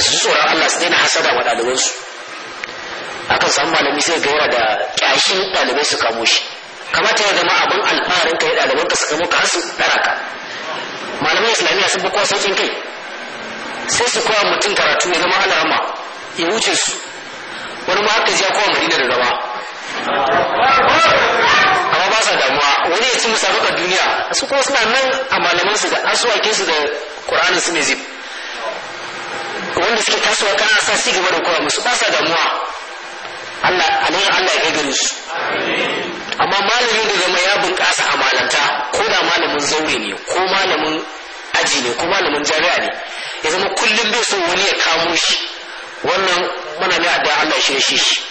su tsoron Allah su daina hasada wa ɗalibansu akan samu malami sai ga yara da ƙyashin ɗalibai su kamo shi kamata ya zama abin alfaharin ka ya ɗaliban ka su kamo ka su ɗara ka malaman islamiyya sun fi sauƙin kai sai su kowa mutum karatu ya zama alama ya wuce su wani ma haka ya kowa madina da rama amma ba sa damuwa wani ya ci musabakar duniya su kuma suna nan a malamansu da asuwakin da ƙuranin su ne zai wanda suke kasuwa kana sa su gaba da kowa musu ba sa damuwa Allah alheri Allah ya gani su amma malamin da zama ya bunƙasa a malanta ko da malamin zaure ne ko malamin aji ne ko malamin jami'a ne ya zama kullum bai so wani ya kamo shi wannan muna ne da Allah shi shi shi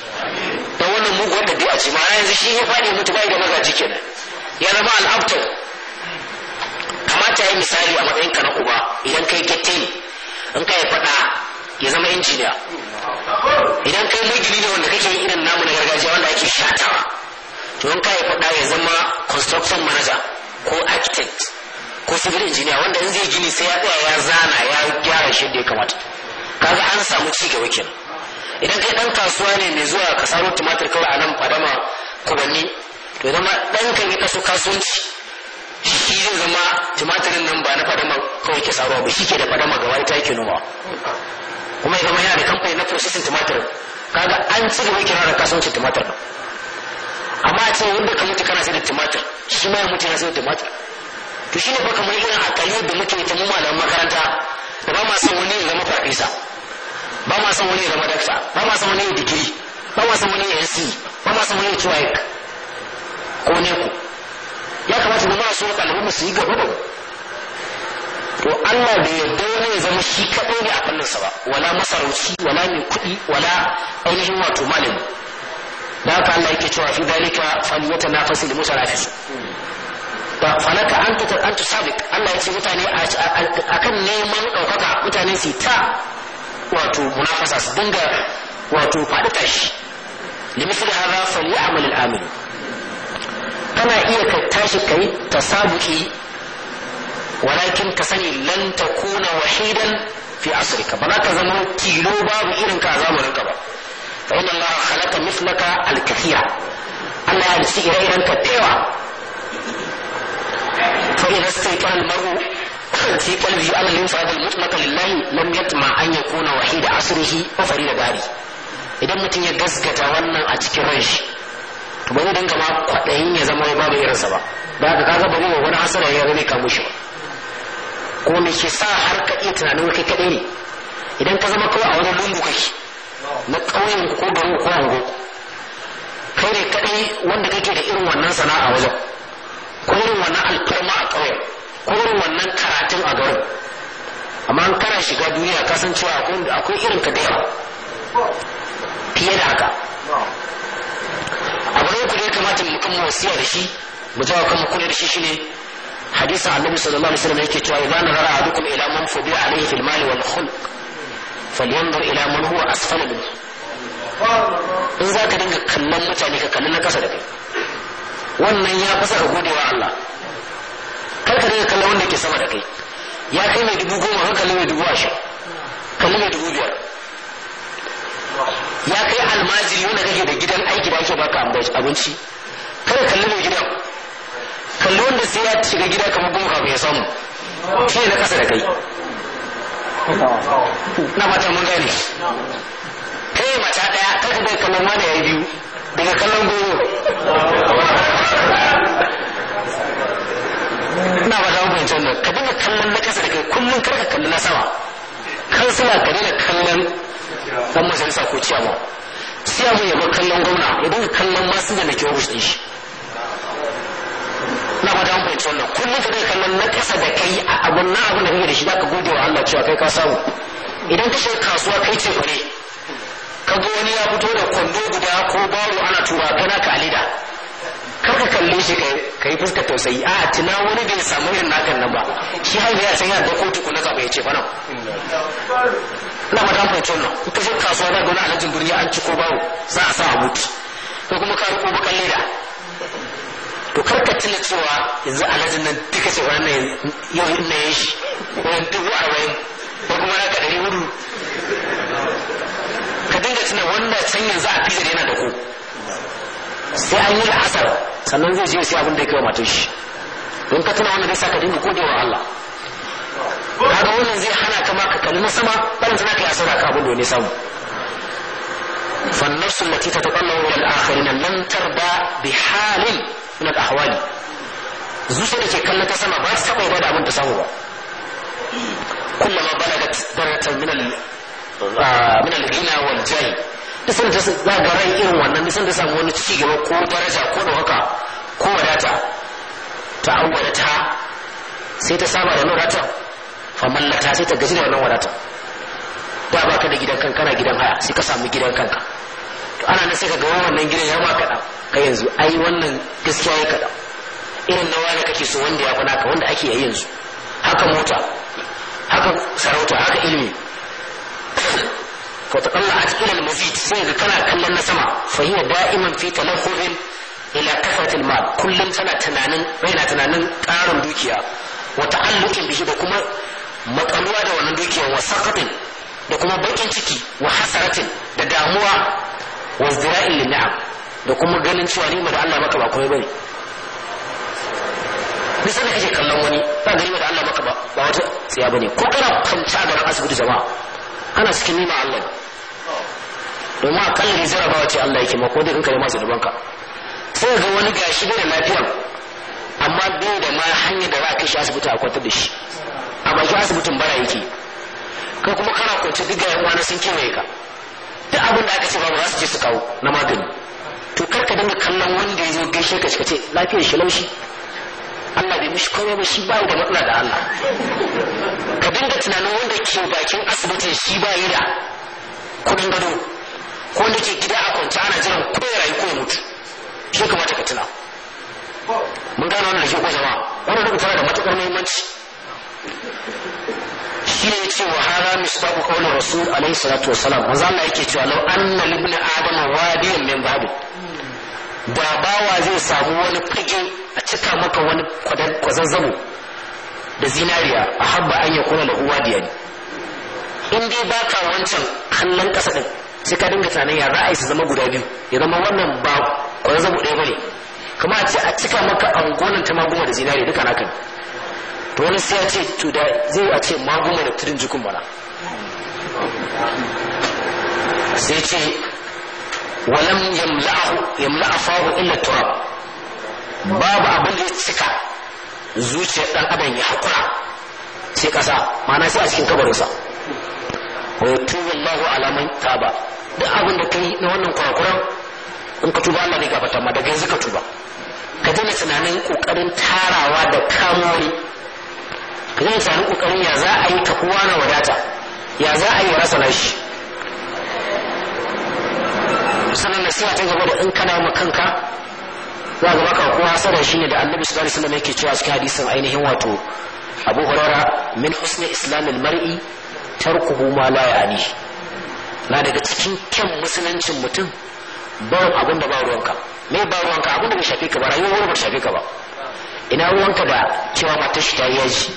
wannan mugu wanda bai aji ma yanzu shi ya fadi mutu bai da magaji kenan ya zama al'abtar kamata ya yi misali a matsayin ka na uba idan kai gette in ka ya faɗa ya zama injiniya idan kai ligili ne wanda kake irin namu na gargajiya wanda ake shatawa to in kai faɗa ya zama construction manager ko architect ko civil engineer wanda in zai gini sai ya tsaya ya zana ya gyara shi da ya kamata kaga an samu ci gaba kenan idan kai dan kasuwa ne mai zuwa ka saro tumatir kawai a nan fadama kubanni to zama dan kan yi kaso kasuwanci shi zai zama tumatirin nan ba na fadama kawai ke saruwa ba shi ke da fadama ga ita taki noma kuma ya zama yana da kamfani na processing tumatir kaga an ci gaba kira da kasuwancin tumatir ɗin amma a ce wanda ka mutu kana sai da tumatir shi ma ya mutu yana sai da tumatir to ne ba kamar irin akali da muke ta mu malaman makaranta da ba ma son wani ya zama farfesa ba ma son wani ya zama dakta ba ma son wani ya digiri ba ma son wani ya NC e, ba ma son wani ya TWIC e ko ne ku ya kamata mu ma so ɗalibanmu su yi gaba ba to Allah bai yarda wani ya zama shi kaɗai ne a sa ba wala masarauci wala mai kuɗi wala ainihin wato malami da haka Allah yake cewa fi dalika faliyata na fasi da ba falaka an ta an ta sabik Allah ya ce mutane a kan neman ɗaukaka mutane su ta wato munafasa su dinga wato faɗi tashi limithil hadha falyamal amalin amini kana iya ka tashi kai ta sabuki walakin ka sani lan takuna wahidan fi asrika ba za ka zama tilo babu irin ka a zamanin ba fa inna allaha khalaqa mithlaka al-kathira Allah ya halitta ire-iren ka tewa fa idza istaqala al-mar'u fi qalbi al idan mutum ya gaskata wannan a cikin ranshi to ba dinga ma kwaɗayin ya zama babu irinsa ba da ka kaga ba wani hasara ya zama kamushi ba ko me ke sa har ka iya tunanin kai kaɗai ne idan ka zama kawai a wani lungu kai na ƙauyen ko garin ko ango kai ne kaɗai wanda kake da irin wannan sana'a wajen ko irin wannan alfarma a ƙauyen ko irin wannan karatun a garin amma an kana shiga duniya ka san cewa akwai irin ka da yawa fiye da haka abu ne ku ne kamata mu kan wasiya da shi mu jawo kuma kula da shi shine hadisi annabi sallallahu alaihi wasallam yake cewa idan nazara ahadukum ila man fubi alaihi fil mali wal khulq falyanzur ila man huwa asfala minhu in za ka dinga kallon mutane ka kalli na kasa da kai wannan ya fasa ka gode wa Allah kar ka dinga kallon wanda ke sama da kai ya kai mai dubu goma kalli mai dubu kalli mai dubu ya kai almajiri wanda kake da gidan aiki da ake baka abinci kar kalli mai gidan kalli wanda sai ya shiga gida kamar goma kafin ya samu shi ne na kasa da kai na mata mun gane kai mata daya kai bai kamar mana ya biyu daga kallon goro na ba dawo bai jannan ka dinga kallon na kasa da kai kullum karka kallon kalli na sama kan suna ka dinga kallon dan majalisa ko ciyama sai abu ya bar kallon gwamna ya dinga kallon masu da na kyau shi na ba da fahimci wannan kullum ka zai kallon na kasa da kai a abun na abun da kake da shi ka gode wa Allah cewa kai ka samu idan ka shiga kasuwa kai ce fure ka ga wani ya fito da kwando guda ko baro ana tura kana ka alida kar ka kalle shi ka yi fuska tausayi a tuna wani bai samu irin nakan nan ba shi har ya san ya da kotu kuna zaba ya ce bana ina ma ta fahimci wannan ita shi kasuwa da gona lajin birni an ci ko baro za a sa a mutu ko kuma ka ba kalle da. to karka tuna cewa yanzu alhajin nan duka ce nan yau in na yi shi wani dubu arba'in ko kuma na kaɗari hudu ka dinga tuna wanda can yanzu a fijar yana da ku sai an yi la'asar sannan zai je sai abin da ya kai wa matan shi don ka tuna wanda zai sa ka dinga wa Allah kaga wannan zai hana ka ma ka kalli na sama barin tana yi asara ka abin da wani samu فالنفس التي تتطلع الى الاخرين لن ترضى بحال sunan ahwali zuciya da ke kallon ta sama ba ta taɓa ba da abin ta samu ba kuma ma ba min al ah, min al-ghina wal da sun ta za ga rai irin wannan sun ta samu wani ci gaba ko daraja ko dauka ko wadata ta awwala ta sai ta saba da wadata fa mallata sai ta gaji da wannan wadata da baka da gidan kanka gidan haya sai ka samu gidan kanka ana nan sai ka ga wannan gidan ya ba kaɗan ka yanzu ai wannan gaskiya ya kaɗan irin nawa da kake so wanda ya kwana ka wanda ake yi yanzu haka mota haka sarauta haka ilimi fataqalla a cikin al-mufid sai ga kana kallon na sama fa hiya da'iman fi talahhurin ila kasrat al kullum tana tunanin raina tunanin ƙarin dukiya wa ta'alluqin bihi da kuma matsaluwa da wannan dukiya wa saqatin da kuma bakin ciki wa hasaratin da damuwa wazira'in da na'am da kuma ganin cewa ni da Allah maka ba komai bane bisa da kake kallon wani ba gani da Allah maka ba ba wata tsiya bane ko kana kwanta da ran asibiti jama'a ana cikin nima Allah domin kallon zira ba ce Allah yake ma ko dai in kai masu dubanka sai ga wani gashi bai da lafiya amma bai da ma hanyar da za ka shi asibiti a kwantar da shi a bakin asibitin bara yake ko kuma kana kwance duk ga yan wani sun kewaye ka duk abin da aka ce babu za su je su kawo na magani to kar ka dinga kallon wanda ya zo gaishe ka ce lafiyar shi laushi Allah bai mishi komai ba shi ba da matsala da Allah ka dinga tunanin wanda ke bakin asibitin shi ba yi da kudin gado ko wanda ke gida a kwance ana jiran ko ya rayu ko ya mutu shi kamata ka tuna mun gano wannan shi ko jama'a wannan rubuta da matukar muhimmanci shi ne ce wa musu babu qawli rasul alaihi salatu salam manzo Allah yake cewa an na libna adam biyan min babu da bawa zai samu wani fage a cika maka wani kwazazzabo da zinariya a habba an da uwa wadiyan in dai baka wancan hannun kasa ɗin sai ka dinga tunanin ya ra'ayi su zama guda biyu ya zama wannan ba kwazazzabo ɗaya ne kuma a ce a cika maka angonan ta maguma da zinariya duka naka ne to wani sai ya ce to da zai a ce maguma da turin jikun mana sai ce walam yamla'ahu yamla'a fahu illa turab babu abin da ya cika zuciyar dan adam ya hakura sai kasa ma'ana sai a cikin kabarinsa wa yatubu Allahu ala man taba duk abin da kai na wannan kurakuran in ka tuba Allah ne gabata ma daga yanzu ka tuba ka daina tunanin kokarin tarawa da kamori zai sami kokarin ya za a yi ta kowa na wadata ya za a yi rasa rasa nashi sannan siya ta gaba da in kana ma kanka za ga baka kowa sada shi ne da annabi sallallahu alaihi wasallam yake cewa cikin hadisin ainihin wato abu hurairah min husni islamil mar'i tarkuhu ma la ya'ni na daga cikin kyan musuluncin mutum bawan abin da ba ruwanka me ba ruwanka abin da bai shafe ka ba rayuwar ba shafe ka ba ina ruwanka da cewa matashi shi ta yi yaji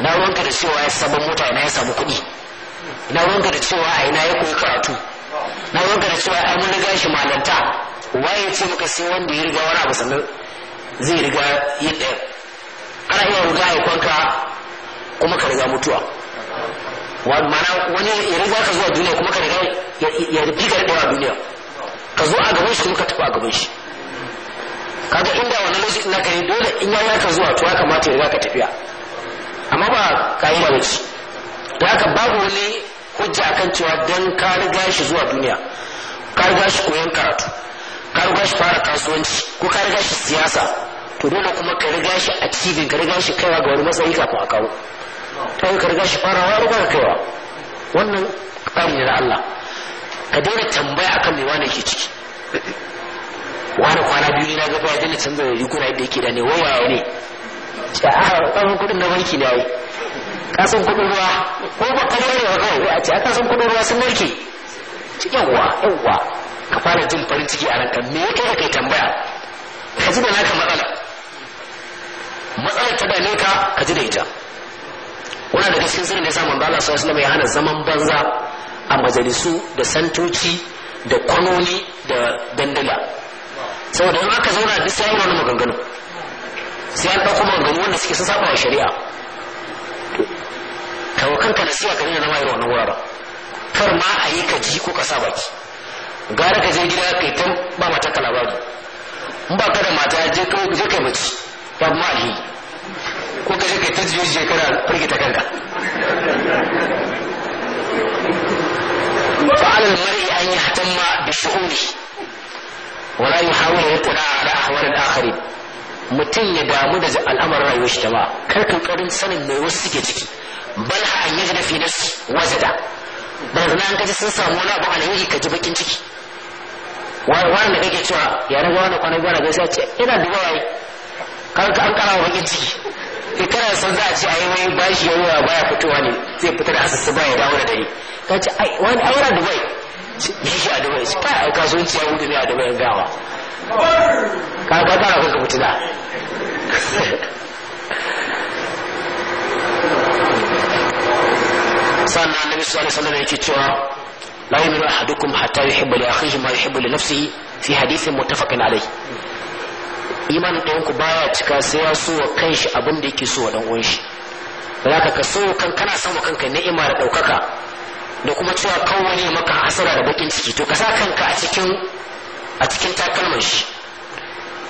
ina ruwanka da cewa ya sabon mota ina ya samu kuɗi ina ruwanka da cewa a ina ya koyi karatu na ruwanka da cewa an riga gashi malanta waye ce maka sai wanda ya riga wani abu sannan zai riga yi ɗaya ana iya riga kwanka kuma ka riga mutuwa ma'ana wani ya riga ka zuwa duniya kuma ka riga ya riga ka riga duniya ka zo a gaban shi kuma ka tafi a gaban shi kaga inda wani lokaci na kare dole in ya ka zuwa to ya kamata ya riga ka tafiya amma ba kayi ba ce da haka babu wani hujja kan cewa don ka riga shi zuwa duniya ka riga shi koyon karatu ka riga shi fara kasuwanci ko ka riga shi siyasa to dole kuma ka riga shi a cibin ka riga shi kaiwa ga wani matsayi kafin a kawo ta ka riga shi fara wani ka kaiwa wannan kari ne na Allah ka daina tambaya akan me wani ke ciki wani kwana biyu ne na gaba ya daina canza kuna yadda yake da ne wawaye ne ce a kasan kudin na banki da yi kasan kudin ruwa ko ba ka dare ba kawai a ce a kasan kudin ruwa sun narke yawwa yawwa ka fara jin farin ciki a ranka me yake ka yi tambaya ka ji da naka matsala matsalar ta dame ka ka ji da ita wannan daga cikin sirrin da yasa manzo Allah sallallahu alaihi ya hana zaman banza a majalisu da santoci da kwanoni da dandala saboda in aka zauna bisa irin maganganu sai an ɗauko maganganu wanda suke sun saba shari'a ka kanka na siya ka nuna zama irin wannan wuraren kar ma a yi ka ji ko ka sa baki gara ka je gida yi tan ba mata ka labari in ba ka da mata je ka je ka mace ba ma alheri ko ka je yi ta jiyo je kana firgita kanka فعلى المرء أن يهتم بشؤونه ولا يحاول يطلع على أحوال الآخرين mutum ya damu da al'amarin rayuwar shi ba kar karin sanin mai wasu suke ciki bal ha an yajda fi nafsi ba barazana an kaji sun samu wani abu alayyi ka ji bakin ciki wani da kake cewa ya rabu wani kwanan gwara gaisa ce ina duba wai kan ka an kara bakin ciki kana san za a ce ai wai bashi yawa baya fitowa ne zai fita da asusu baya dawo da dare ka ce ai wani aura dubai ya shi a dubai ka kasuwanci ya gudu ne a dubai gawa ka ba ta kuka kuma da sannan annabi sallallahu alaihi wasallam yake cewa la yu'minu ahadukum hatta yuhibba li akhihi ma yuhibbu li nafsihi fi hadithin muttafaqin alai. imanin da ku baya cika sai ya so wa shi abin da yake so wa dan uwan shi zaka ka so kan kana son wa kanka ni'ima da ɗaukaka da kuma cewa kawai ne maka hasara da bakin ciki to ka sa kanka a cikin a cikin takalman shi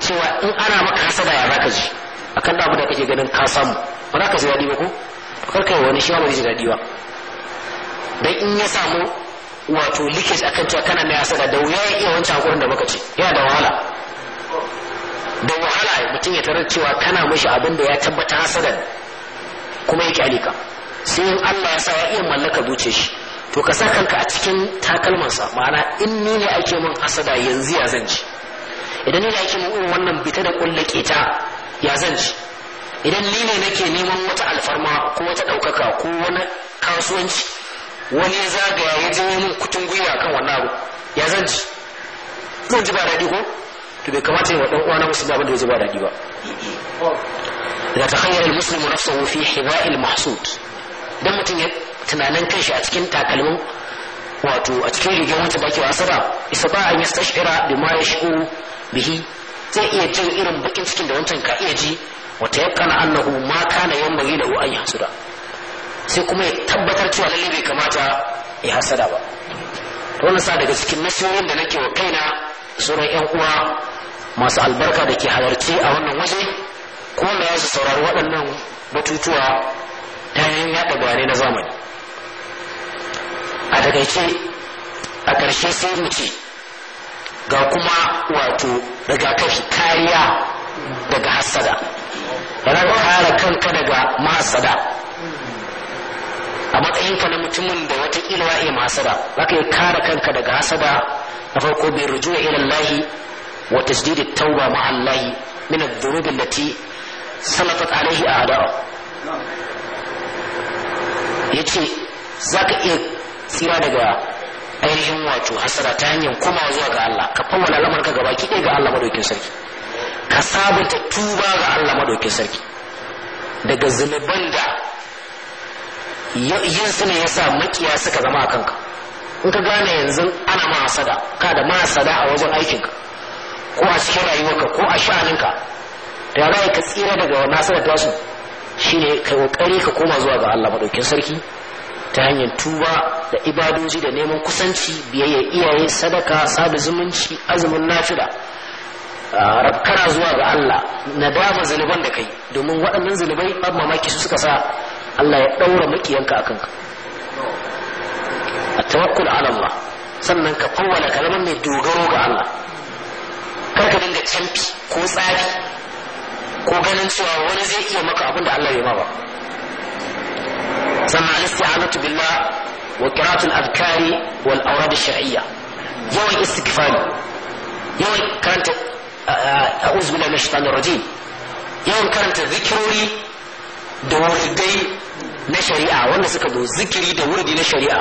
cewa in ana maka hasada ya zaka ji a kan abu da kake ganin ka samu ba za ka ji daɗi ba ko kar kai wani shi ba ji daɗi ba dan in ya samu wato leakage akan cewa kana mai hasada da wuya ya iya wancan hakurin da muka ce yana da wahala da wahala mutum ya tarar cewa kana mashi abin da ya tabbata hasadan kuma ya alika sai in Allah ya sa ya iya mallaka zuciyar shi to ka sa kanka a cikin takalmansa ma'ana in ni ne ake min hasada yanzu ya zan ji idan ni ne ake min irin wannan bita da kulle ta ya zan ji idan ni ne nake neman wata alfarma ko wata ɗaukaka ko wani kasuwanci wani zagaya ya ji min kutun gwiwa kan wannan abu ya zan ji zan ji ba daɗi ko to bai kamata yi wa ɗan uwana musu babu da ya ji ba daɗi ba oh. da ta hanyar musulmi nafsa wufi hiba'il mahsud dan mutum ya tunanin kanshi a cikin takalmin wato a cikin rigar wata baki ke wasa ba isa ba an yi stashira da ma ya shigo bihi zai iya jin irin bakin cikin da wancan ka iya ji wata yakana annahu ma kana yan bari da an yi hasuda sai kuma ya tabbatar cewa lalle bai kamata ya hasada ba to wannan sa daga cikin nasihohin da nake wa kaina sauran yan uwa masu albarka da ke halarci a wannan waje ko ya za su saurari waɗannan batutuwa ta yin yaɗa bayanai na zamani a takaice a ƙarshe sai mu ce ga kuma wato rigakafi kariya daga hassada yana kare kanka daga mahasada a matsayinka na mutumin da wata ya iya mahasada za ka yi kare kanka daga hasada na farko bai rujuwa ilan lahi wa tasdidi tauba ma'an lahi min adh-dhunub a adawa ya ce za ka iya tsira daga ainihin wato hasara ta hanyar kuma zuwa ga Allah ka fawwala lamarka gaba ki ga Allah madaukin sarki ka sabunta tuba ga Allah madaukin sarki daga zunuban da yin su ne yasa makiya suka zama a kanka in ka gane yanzu ana ma hasada ka da ma hasada a wajen aikinka ko a cikin rayuwarka ko a sha'aninka da ya ka tsira daga wannan hasada ta su shine kai kokari ka koma zuwa ga Allah madaukin sarki ta hanyar tuba da ibadoji da neman kusanci biyayya iyaye sadaka sada zumunci azumin nafira rakkara zuwa ga Allah dama zaliban da kai domin waɗannan zunubai ban mamaki su suka sa Allah ya ɗaura makiyanka a kanka a tawakkul ala Allah sannan ka kowane kalmar mai dogaro ga Allah karka dinga canfi ko tsari ko ganin cewa wani zai iya maka abin da Allah ya ma ba sannan al-isti'anatu billah wa qira'atul adkari wal awrad ash-shar'iyya yawan istighfari yawan karanta a'udhu billahi minash shaitanir rajim yawan karanta zikirori da wurdai na shari'a wanda suka zo zikiri da wurdi na shari'a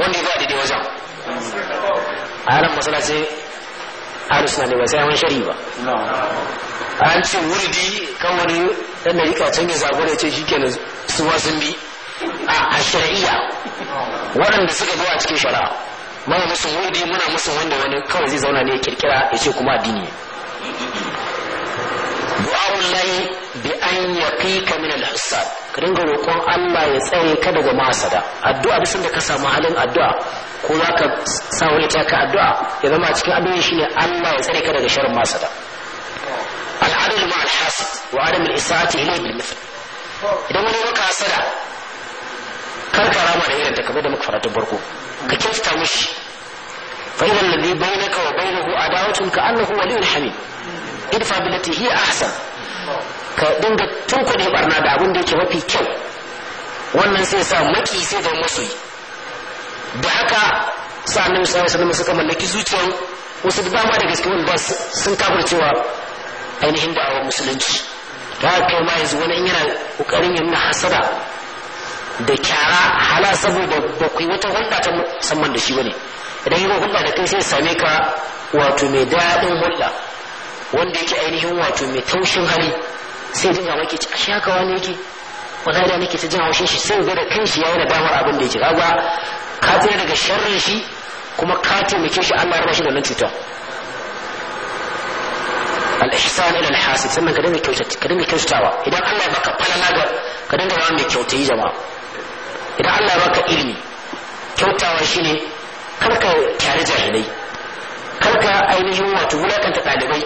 wanda ba daidai wajen a yaran ce ahlus na ne ba sai wani shari'a ba an ce wurdi kan wani dan da rika can ya zagore ce shikenan su wasun bi a shari'a waɗanda suka zo a cikin shari'a mana musu wurdi muna musu wanda wani kawai zai zauna ne ya kirkira ya ce kuma addini du'a'un lahi bi an yaqika min al-hasad ka dinga roƙon Allah ya tsare ka daga masada addu'a bisan da ka samu halin addu'a ko za ka sa wani ka addu'a ya zama cikin abin shine Allah ya tsare ka daga sharrin masada al-adl ma al-hasad wa adam al-isaati ilayhi bil mithl idan wani maka hasada kar ka rama da irin ta kamar da muka fara farko ka kyautata mishi fa idan ladhi bainaka wa bainahu adawatun ka annahu waliyyun hamid idfa billati hi ahsan ka dinga tunkuɗe barna da abin da yake mafi kyau wannan sai sa maki sai da masoyi da haka sa'an nan sallallahu suka mallaki zuciyar wasu da dama da gaske wanda sun kafar cewa ainihin da'awar musulunci da haka kai ma yanzu wani yana ƙoƙarin ya nuna hasada da kyara hala saboda ba ku yi wata hulɗa ta musamman da shi ba ne idan yi hulɗa da kai sai same ka wato mai daɗin hulɗa wanda yake ainihin wato mai taushin hali sai dinga maki ci ashe haka wani yake wani da nake ta jin haushin shi sai ga da kanshi ya yi damar abin da yake kaga ka tsaye daga sharrin shi kuma ka taimake shi Allah ya raba shi da nan cutar al-ihsan ila al-hasib sannan ka dinga kyautatawa idan Allah baka falala ga ka dinga ba mai kyautayi jama'a idan Allah ya baka ilimi kyautawa shi kar ka tare jahilai kar ka ainihin wato wulakanta ɗalibai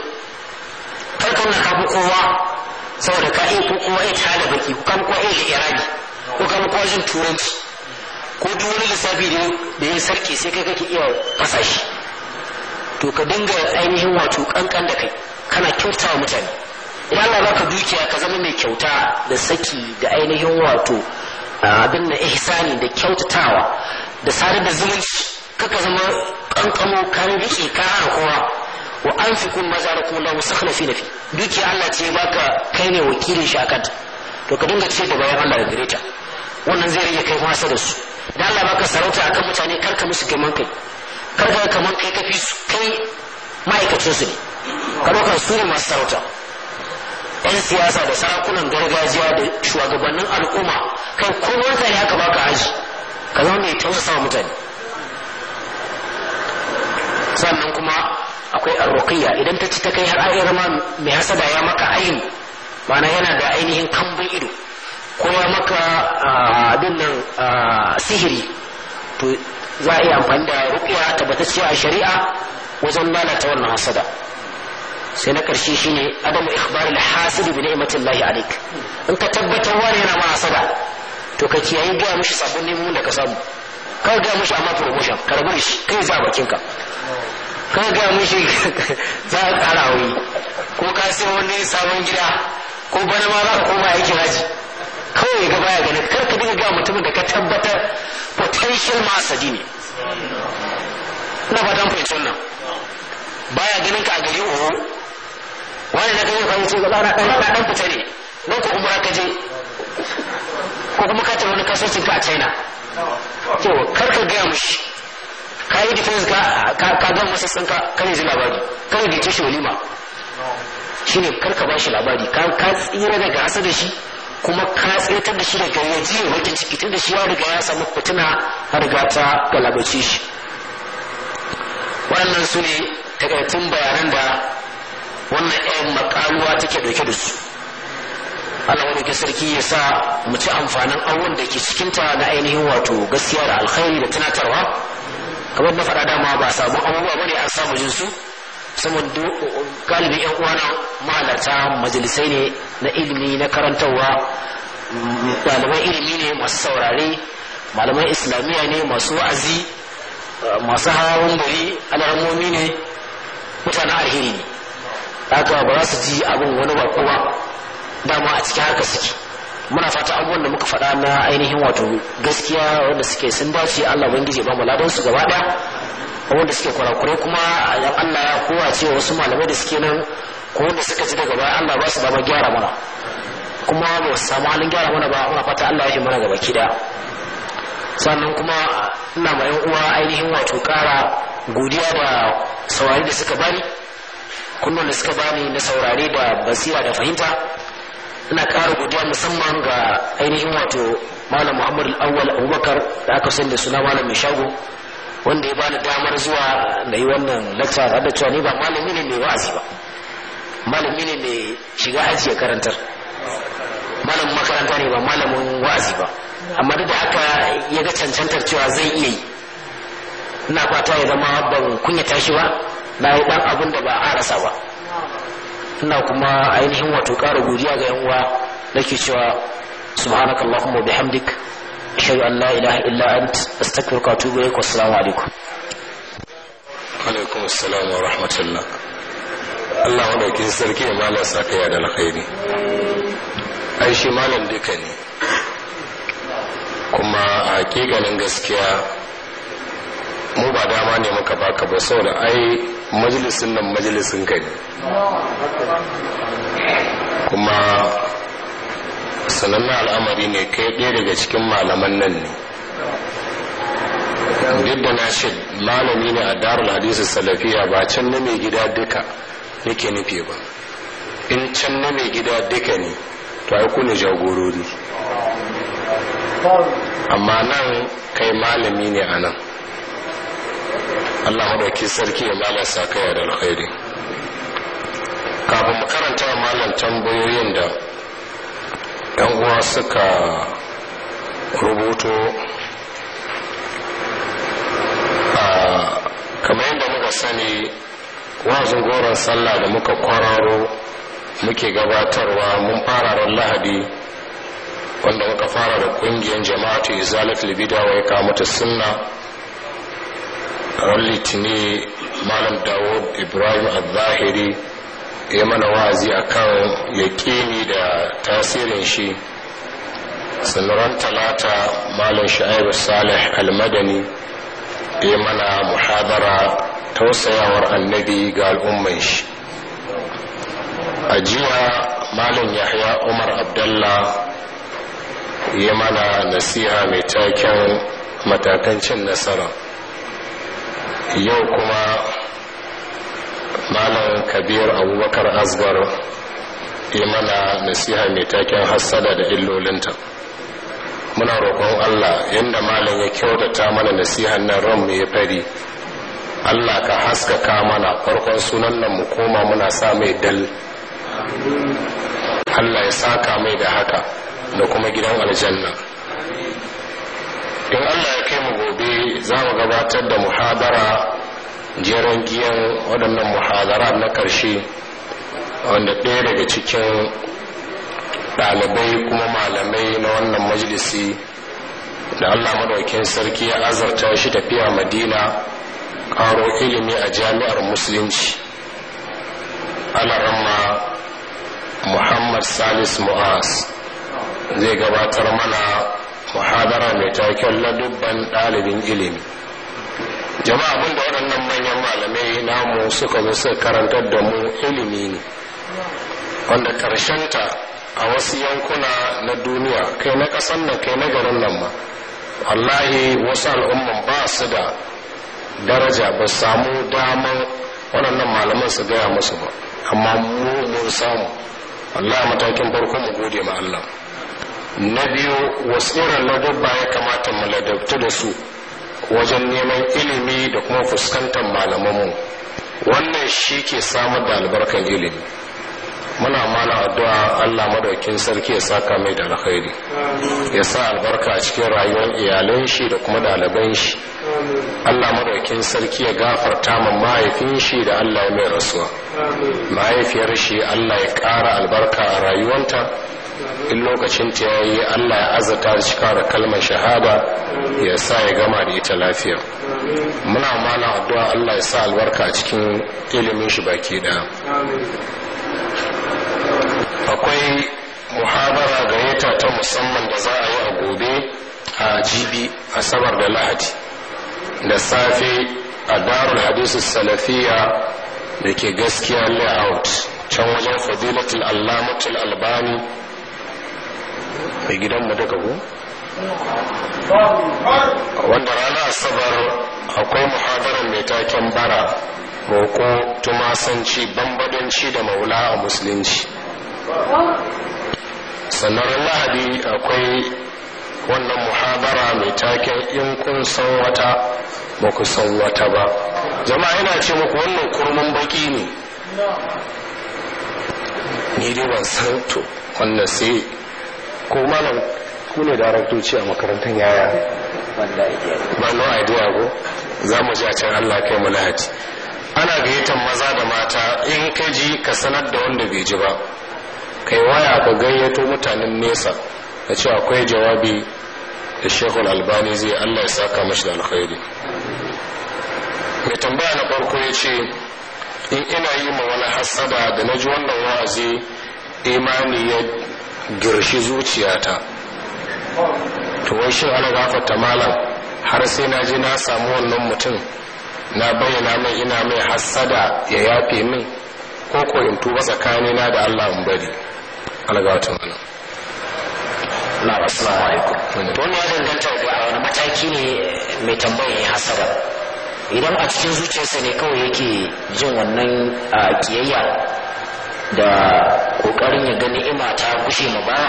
kar ka kafin kowa saboda ka iya ko kowa ya tare baki ko kan kowa iya irabi ko kan kowa jin turanci ko duk wani lissafi ne da ya sarki sai kai kake iya fasa shi to ka dinga ainihin wato kankan da kai kana kyautawa mutane idan Allah baka dukiya ka zama mai kyauta da saki da ainihin wato abin na ihsani da kyautatawa da sadar da zumunci kaka zama kankamo kan rike ka kowa wa an maza da wasu na fi nafi duki Allah ce baka kai ne wakilin shi to ka dinga ce da bayan Allah da gareta wannan zai rage kai masa da su da Allah baka sarauta akan mutane kar ka musu gaman kai kar kaman kai kafi su kai ma'aikacin su ne ka su ne masu sarauta 'yan siyasa da sarakunan gargajiya da shugabannin al'umma kai kowar ka ya kama ka aji ka zama mai tausasa mutane sannan kuma akwai arruqiyya idan ta ci ta kai har ayyar ma mai hasada ya maka ayin mana yana da ainihin kambun ido ko ya maka abin nan sihiri to za a iya amfani da rukiya tabbatacciya a shari'a wajen lalata wannan hasada sai na ƙarshe ne adam ikhbar al-hasid bi ni'matillahi alaik in ka tabbatar wani yana ma asaba to ka kiyaye gaya mishi sabon neman da ka samu ka gaya mishi amma promotion ka rabu shi kai za bakin ka ka gaya mishi za a ƙara ko ka sai wani sabon gida ko bana ma za ka koma aikin haji kawai ga baya ganin kar ka dinga ga mutumin da ka tabbatar potential masadi ne na fatan fahimci wannan baya ganin ka a gari uwu wani na gani fahimci gaba na ɗan ɗan ɗan ne nan ko umra ka je ko kuma ka wani kasuwanci ka a china to kar ka gaya mushi ka yi defense ka ka ga masa sun ka kan ji labari kan da shi walima shine kar ka bashi labari ka ka tsira daga asa da shi kuma ka tsirtar da shi daga yaji ya wajen ciki tun da shi ya riga ya samu fitina a riga ta galabace shi waɗannan su ne takaitun bayanan da wannan ɗayan makaluwa take dauke da su Allah wani sarki ya sa mu ci amfanin auren da ke cikin ta na ainihin wato gaskiya da alkhairi da tunatarwa kamar na faɗa dama ba samu abubuwa bane an samu jin su saboda galibin yan uwana mahalarta majalisai ne na ilimi na karantarwa malaman ilimi ne masu saurare malaman islamiyya ne masu wa'azi masu hawan gari alarmomi ne mutanen alheri ne haka ba za su ji abin wani ba kowa dama a cikin haka suke muna fata abubuwan da muka faɗa na ainihin wato gaskiya wanda suke sun dace Allah ubangiji ba mu ladan su gaba ɗaya wanda suke kurakurai kuma yan Allah ya kowa ce wasu malamai da suke nan ko wanda suka ji daga baya Allah ba su dama gyara mana kuma ba su samu halin gyara mana ba muna fata Allah ya mana gaba kida sannan kuma ina ma uwa ainihin wato ƙara godiya da saurari da suka bari. kullum da suka bani na saurare da basira da fahimta ina ƙara godiya musamman ga ainihin wato malam muhammad al'awwal abubakar da aka sani da suna malam mai shago wanda ya bani damar zuwa na yi wannan lakta da cewa ni ba malami ne mai wa'azi ba malami ne mai shiga aji ya karantar malam makaranta ne ba malamin wa'azi ba amma duk da haka ya ga cancantar cewa zai iya yi ina fata ya zama ban kunya tashi ba na yi ɗan abin da ba a rasa ba ina kuma ainihin wato ƙara godiya ga yanwa uwa nake cewa kuma bihamdik ashhadu an la ilaha illa ant astaghfiruka wa atubu ilaik wassalamu alaikum alaikum assalam wa rahmatullah Allah madaukin sarki ya mala sa ya da alkhairi ai shi malam duka ne kuma a gaskiya mu ba dama ne muka baka ba saboda ai Majalisun nan majalisun kai kuma sanannen al'amari ne kai ɗaya daga cikin malaman nan ne duk da na shi malami ne a darul hadisi salafiya ba can na mai gida duka yake nufi ba in can na mai gida duka ne to ai kuni jagorori amma nan kai malami ne a nan Allah madauki sarki ya mala sakaya da alkhairi kafin mu karanta malam tambayoyin da yan uwa suka rubuto kamar yadda muka sani wazin goron sallah da muka kwararo muke gabatarwa mun fara ran lahadi wanda muka fara da kungiyar jama'atu izalatul libida wa kamata sunna. kamar litini malam dawud ibrahim al-zahiri ya mana wa'azi akan yaƙini da tasirin shi sanarwar talata malam sha'iru salih al-madani ya mana muhadara tausayawar annabi ga al'umman shi a jiya malam yahya umar abdallah ya mana nasiha mai taken matakancin nasara yau kuma malam kabir abubakar asgar yi mana nasiha mai taken hassada da illolinta muna roƙon allah inda malam ya kyautata mana nasihan nan ran mu ya fari allah ka haskaka mana farkon sunan nan mu koma muna sa mai dal allah ya saka mai da haka da kuma gidan aljanna in allah ya kai mu gobe za mu gabatar da muhadara jeren giyan waɗannan muhadara na ƙarshe wanda ɗaya daga cikin ɗalibai kuma malamai na wannan majalisi da allah maɗaukin sarki ya azarta shi tafiya madina ƙaro ilimi a jami'ar musulunci alarama muhammad salis mu'az zai gabatar mana muhabara mai taken na dubban ɗalibin ilimi jama'a abin da waɗannan manyan malamai namu suka zo suka karantar da mu ilimi ne wanda ta a wasu yankuna na duniya kai na ƙasan nan kai na garin nan ma wallahi wasu al'umman ba su da daraja ba samu daman waɗannan malaman su gaya musu ba amma mu mun samu wallahi matakin farko mu gode ma Allah na biyu wasu irin ladabba ya kamata mu ladabtu da su wajen neman ilimi da kuma fuskantar malamanmu wannan shi ke samar da albarkar ilimi muna mana addu'a Allah madaukin sarki ya saka mai da alkhairi ya sa albarka a cikin rayuwar iyalan shi da kuma daliban shi Allah madaukin sarki ya gafarta ma mahaifin shi da Allah mai rasuwa mahaifiyar shi Allah ya ƙara albarka a rayuwanta in lokacin ta yayi Allah ya azata da cika da kalmar shahada ya sa ya gama da ita lafiya muna mana addu'a Allah ya sa albarka cikin ilimin shi baki da akwai muhabara gayyata ta musamman da za a yi a gobe a jibi asabar da lahadi da safe a darul hadisu salafiya da ke gaskiya layout can wajen fadilatul allamatul albani mai gidan mu daga ku wanda rana asabar akwai muhadarar mai taken bara roko tumasanci bambadanci da maula a musulunci sannan lahadi akwai wannan muhabara mai taken in kun san wata ba ku san wata ba jama'a yana ce muku wannan kurmin baki ne ni dai ban san to wannan sai ko malam ku ne daraktoci a makarantar yaya ba no idea ko za mu ji a can allah kai mu lahadi ana gayyatar maza da mata in ka ji ka sanar da wanda bai ji ba kai waya ka gayyato mutanen nesa da cewa akwai jawabi da shekul albani zai allah ya saka mashi da alkhairi mai tambaya na farko ya ce in ina yi ma wani hasada da na ji wannan wa'azi imani ya girshi zuciyata to wai shi ana ta malam har sai na ji na samu wannan mutum na bayyana mai ina mai hasada ya yafe min ko ko in tuba tsakanina da Allah in bari algatun wannan na assalamu alaikum to ya danganta da wani mataki ne mai tambayar ya hasada idan a cikin zuciyarsa ne kawai yake jin wannan ah, kiyayya da kokarin ya ga ima ta kushe mu ba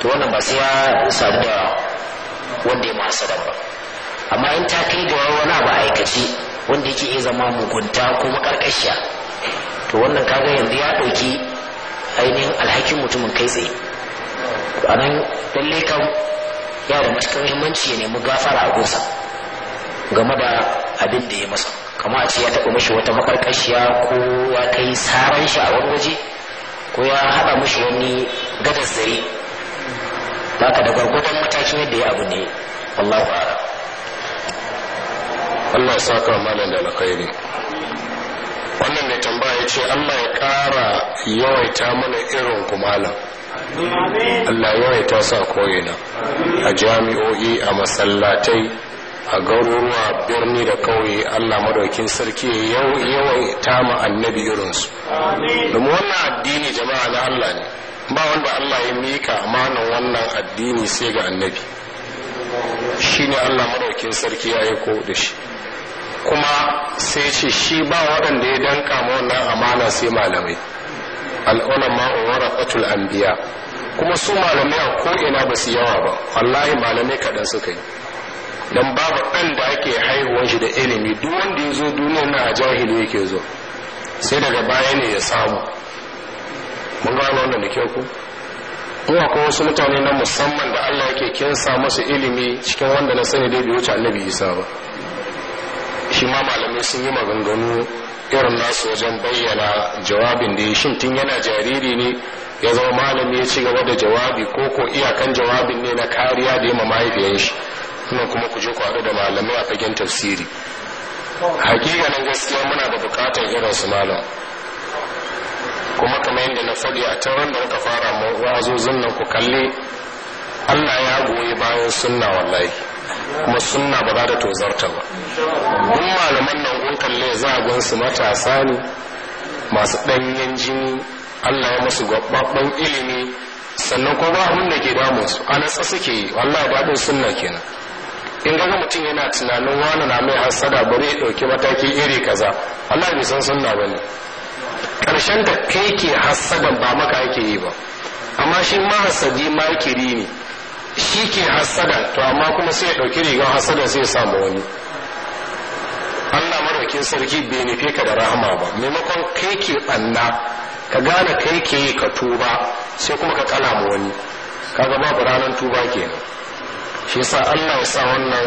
to wannan ba sai ya sadu da wanda ya masu ba amma in ta kai da wani abu aikace wanda yake iya zama mugunta ko makarkashiya to wannan kaga yanzu ya ɗauki ainihin alhakin mutumin kai tsaye a nan lallai kan ya da matuƙar muhimmanci ya nemi gafara a gusa game da abin da ya masa kama a ce ya taɓa mishi wata makarƙashiya ko ya kai saran shi a wani waje ko ya haɗa mishi wani gadar zare ba ka da gwargwadon matakin yadda ya abu ne wallahu a'lam Allah ya ka mana da alkhairi wannan mai tambaya ya ce Allah ya ƙara yawaita mana irin kumala Allah yawaita sa koyina a jami'o'i a masallatai a garuruwa birni da kauye allah madaukin sarki ta tama annabi irinsu domin wannan addini jama'a na allah ne ba wanda allah ya mika amanan wannan addini sai ga annabi shi ne allah madaukin sarki ya yi ko da shi kuma sai ce shi ba waɗanda ya danka ma wannan amana sai malamai al'ulama an anbiya kuma su malamai a ko'ina ba su yawa ba wallahi malamai kaɗan suka yi don babu ɗan da ake haihuwan shi da ilimi duk wanda ya zo duniyar na a jahili yake zo sai daga baya ne ya samu mun gano wannan da kyau ku kuma akwai wasu mutane na musamman da Allah yake kinsa masu ilimi cikin wanda na sani dai bai wuce annabi Isa ba shi ma malamai sun yi maganganu irin nasu wajen bayyana jawabin da ya shin tun yana jariri ne ya zama malami ya ci gaba da jawabi ko ko iyakan jawabin ne na kariya da ya ma mahaifiyan shi sannan kuma ku je ku haɗu da malamai a fagen tafsiri hakika nan gaskiya muna da bukatar irin su malam kuma kamar yadda na faɗi a taron da muka fara mu nan ku kalli allah ya goyi bayan sunna wallahi kuma sunna ba za da tozarta ba duk malaman nan kun kalle za a gansu matasa ne masu ɗanyen jini allah ya musu gababban ilimi sannan ko ba abin da ke damun su a nasa suke yi wallahi ba sunna kenan in ga mutum yana tunanin wani na mai hasada bari ya ɗauki mataki iri kaza Allah bai san sunna ba karshen da ta kai ke hasada ba maka yake yi ba amma shi yake ri ne shi ke hasada to amma kuma sai ya ɗauki rigar hasada sai ya samu wani Allah maraukin sarki bai nufe ka da rahama ba maimakon kai ke banna ka gane kai ke ka tuba sai kuma ka kala wani kaga babu ranar tuba kenan shi sa allah ya sa wannan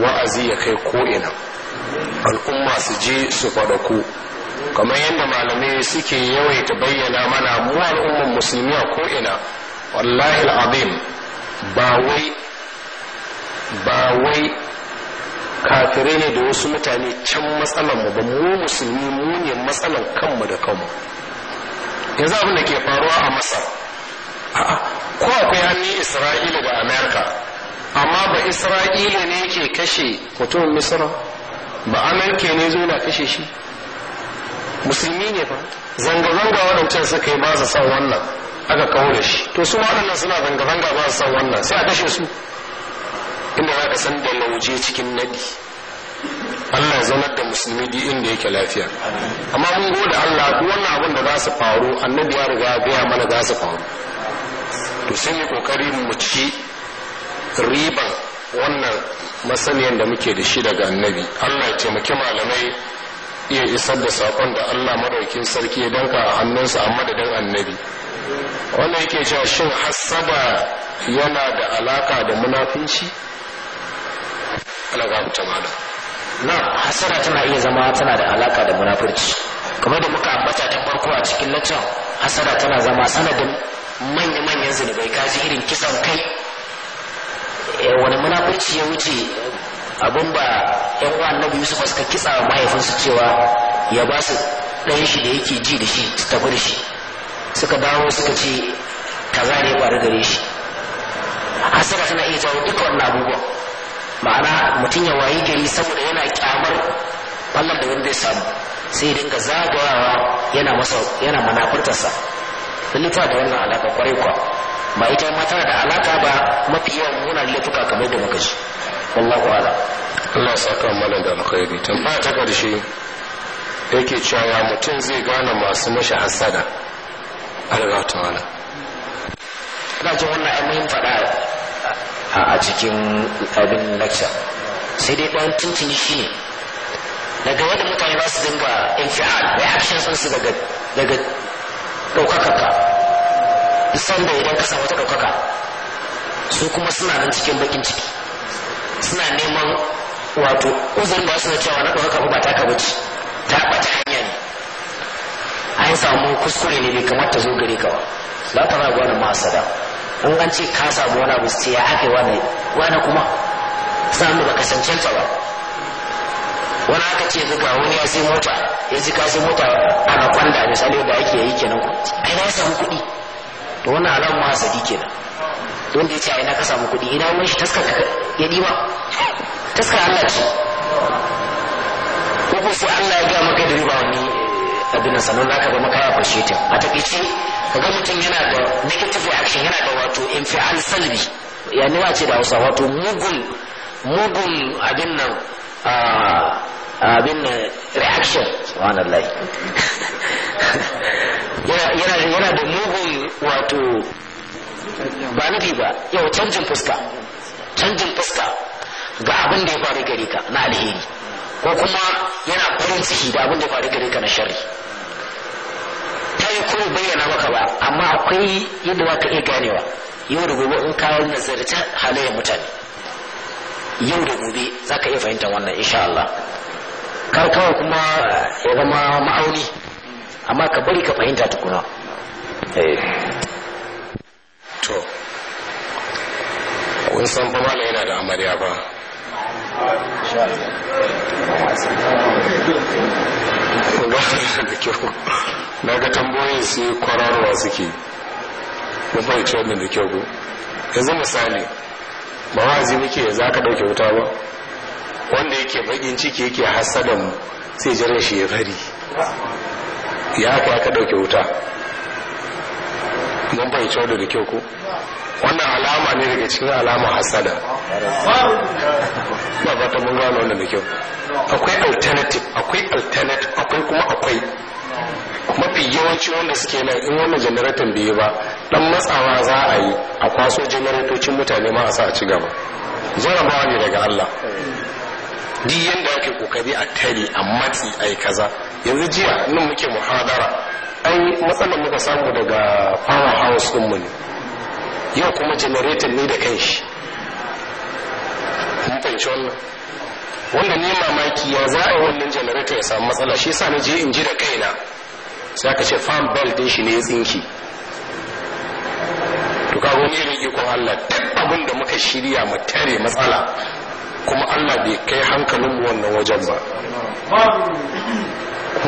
wa'azi ya kai ko'ina al'umma su je su faɗaku kamar yadda malamai suke yawaita bayyana mana mu al'umman musulmi a ko'ina wallahi al'adim ba wai ba wai kafirai ne da wasu mutane can matsalan mu ba mu musulmi mu ne matsalan kanmu da kanmu yanzu abin da ke faruwa a masar ko akwai hannun isra'ila da amerika amma ba isra'ila ne ke kashe mutumin misra ba amalke ne zo na kashe shi musulmi ne ba zanga-zanga waɗancan suka yi ba su san wannan aka kawo da shi to su waɗannan suna zanga-zanga ba su san wannan sai a kashe su inda za ka da lauje cikin nadi Allah ya zaunar da musulmi di inda yake lafiya amma mun gode Allah duk wannan abin da za su faru annabi ya riga ya gaya mana za su faru to sai mu kokari mu ci riban wannan masaniyan da muke da shi daga annabi allah ya taimaki malamai iya isar da sakon da allah maraukin sarki ya danka a hannunsa a madadin annabi wannan yake cewa shin hassaba yana da alaka da munafinci alagabta malam na hasara tana iya zama tana da alaka da munafurci kamar da muka ambata ta farko a cikin laccan hasara tana zama sanadin manya-manyan zunubai kaji irin kisan kai Eh, wani munafurci ya wuce abin ba yan uwa annabi Yusuf suka kitsa wa mahaifinsu cewa ya ba su ɗan shi da yake ji da shi su tafi da shi suka dawo suka ce kaza ne ya gare shi hasara suna iya jawo duka wannan abubuwa ma'ana mutum ya wayi gari saboda yana kyamar wannan da wani zai samu sai dinga zagayawa yana masa yana manafartarsa da wannan alaƙa kwarai kwa ba ita ma tana da alaka ba mafi yawan muna laifuka kamar da muka ji wallahu ala Allah ya saka mana da alkhairi tambaya ta karshe yake cewa mutum zai gane masu mashi hasada Allah ta wala ina jin wannan ainihin fada a cikin abin lecture sai dai ɗan tuntuni shi ne daga yadda mutane za su dinga infial sun su daga daga sanda idan ka samu ta ɗaukaka su kuma suna nan cikin bakin ciki suna neman wato uzurin ba su cewa na ɗaukaka ba ta kaba ci. ta ɓata hanya ne an samu kuskure ne bai ta zo gare ka ba za ka ba masa da in an ce ka samu wani abu sai ya haka wani wani kuma samu ba cancanta ba wani aka ce zuga wani ya sai mota ya ji ka sai mota ana kwanda misali da ake yi kenan ku ai na samu kuɗi to wannan ke hasadi kenan wanda ya ce a ina ka samu kuɗi ina wani shi taskar ka ya dima taskar Allah ce ko sai Allah ya ga maka da riba wani eh, abin nan sannan zaka ga maka ya fashe ta a takeice ga mutum yana da negative action yana da wato infial salbi ya ni wace da Hausa wato mugun mugun abin nan ah, ah, abin reaction subhanallah yana da mugun wato ba nufi ba yau canjin fuska canjin fuska ga abin da ya faru gare ka na alheri ko kuma yana farin ciki da abin da ya faru gare ka na shari ta yi kuma bayyana maka ba amma akwai yadda za ka iya ganewa yau da gobe in kawo nazarta halayen mutane yau da gobe za ka iya fahimtar wannan insha Allah kar kawai kuma ya zama ma'auni amma ka bari ka fahimta tukuna to kun san fa malam yana da amarya ba na ga tambayoyin su yi kwararwa suke wannan da kyau yanzu misali ba wazi muke za ka wuta ba wanda yake bakin ciki yake hasadan sai jiran shi ya fari ya ya ka wuta mun fahimci wadda da kyau ko wannan alama ne daga cikin alama hasada ba ba ta mun gano wannan da kyau akwai alternative akwai alternative akwai kuma akwai mafi yawanci wanda suke nan in wannan janaratan bai ba dan matsawa za a yi a kwaso janaratocin mutane ma a sa a ci gaba jarabawa ne daga Allah duk yanda ake kokari a tare a matsi a yi kaza yanzu jiya nan muke muhadara ai matsalar muka samu daga power house ɗinmu ne yau kuma generator ne da kanshi fahimci wannan wanda ne mamaki ya za a wannan generator ya samu matsala shi sa na je in ji da kaina sai aka ce fan bell din shi ne ya tsinki to ka wani irin ikon Allah duk abin da muka shirya mu tare matsala kuma Allah bai kai hankalinmu wannan wajen ba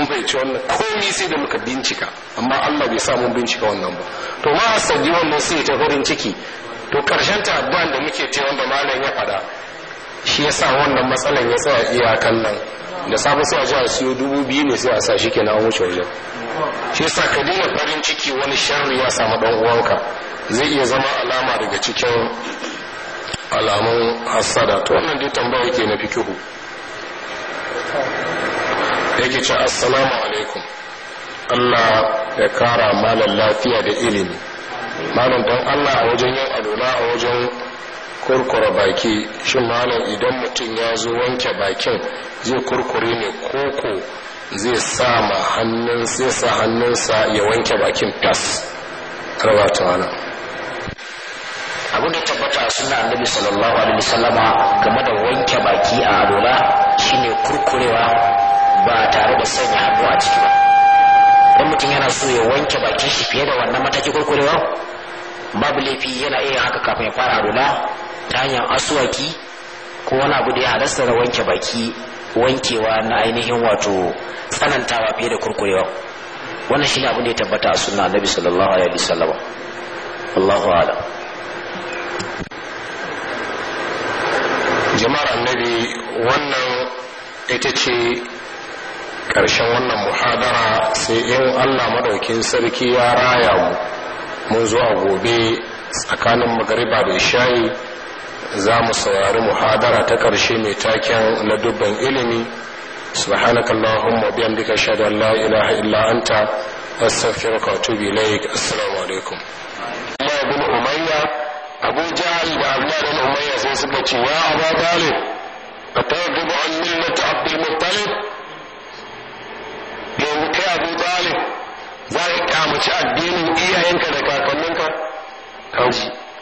kun fahimci wannan komi sai da muka bincika amma Allah bai sa mun bincika wannan ba to ma asabi wannan sai ta farin ciki to karshen ta abban da muke ce wanda malam ya fada shi yasa wannan matsalan ya tsaya iyakan nan da safe sai a ji a siyo dubu biyu ne sai a sa shi ke na wuce wajen shi yasa ka dinga farin ciki wani sharri ya samu dan uwanka zai iya zama alama daga cikin alamun hasada to wannan dai tambaya ke na fikihu yake ce assalamu alaikum Allah ya kara malam lafiya da ilimi malam don Allah a wajen yin alula a wajen kurkura baki shi malam idan mutum ya zo wanke bakin zai kurkure ne koko zai sa ma hannun sai sa hannunsa ya wanke bakin tas raba ta wani abin da tabbata suna annabi sallallahu alaihi wasallama game da wanke baki a alula shine kurkurewa so ya wanke bakin shi fiye da wannan mataki kurkurewa babu laifi yana iya haka kafin ya fara rula ta hanyar asuwaki ko wani abu da ya halasta da wanke baki wankewa na ainihin wato tsanantawa fiye da kurkurewa wannan shi ne abin da ya tabbata a sunna annabi sallallahu alaihi wasallam Allahu a'lam jama'ar annabi wannan ita ce karshen wannan muhadara sai in allah maɗaukin sarki ya raya mu mun zuwa gobe tsakanin magariba da shayi za mu saurari muhadara ta ƙarshe mai taken na dubban ilimi سبحانك اللهم وبحمدك اشهد ان لا اله الا انت استغفرك واتوب اليك السلام عليكم الله بن جهل بن يا طالب عن عبد المطلب abu talib za ka kamaci addinin iyayenka da kakanninka kaji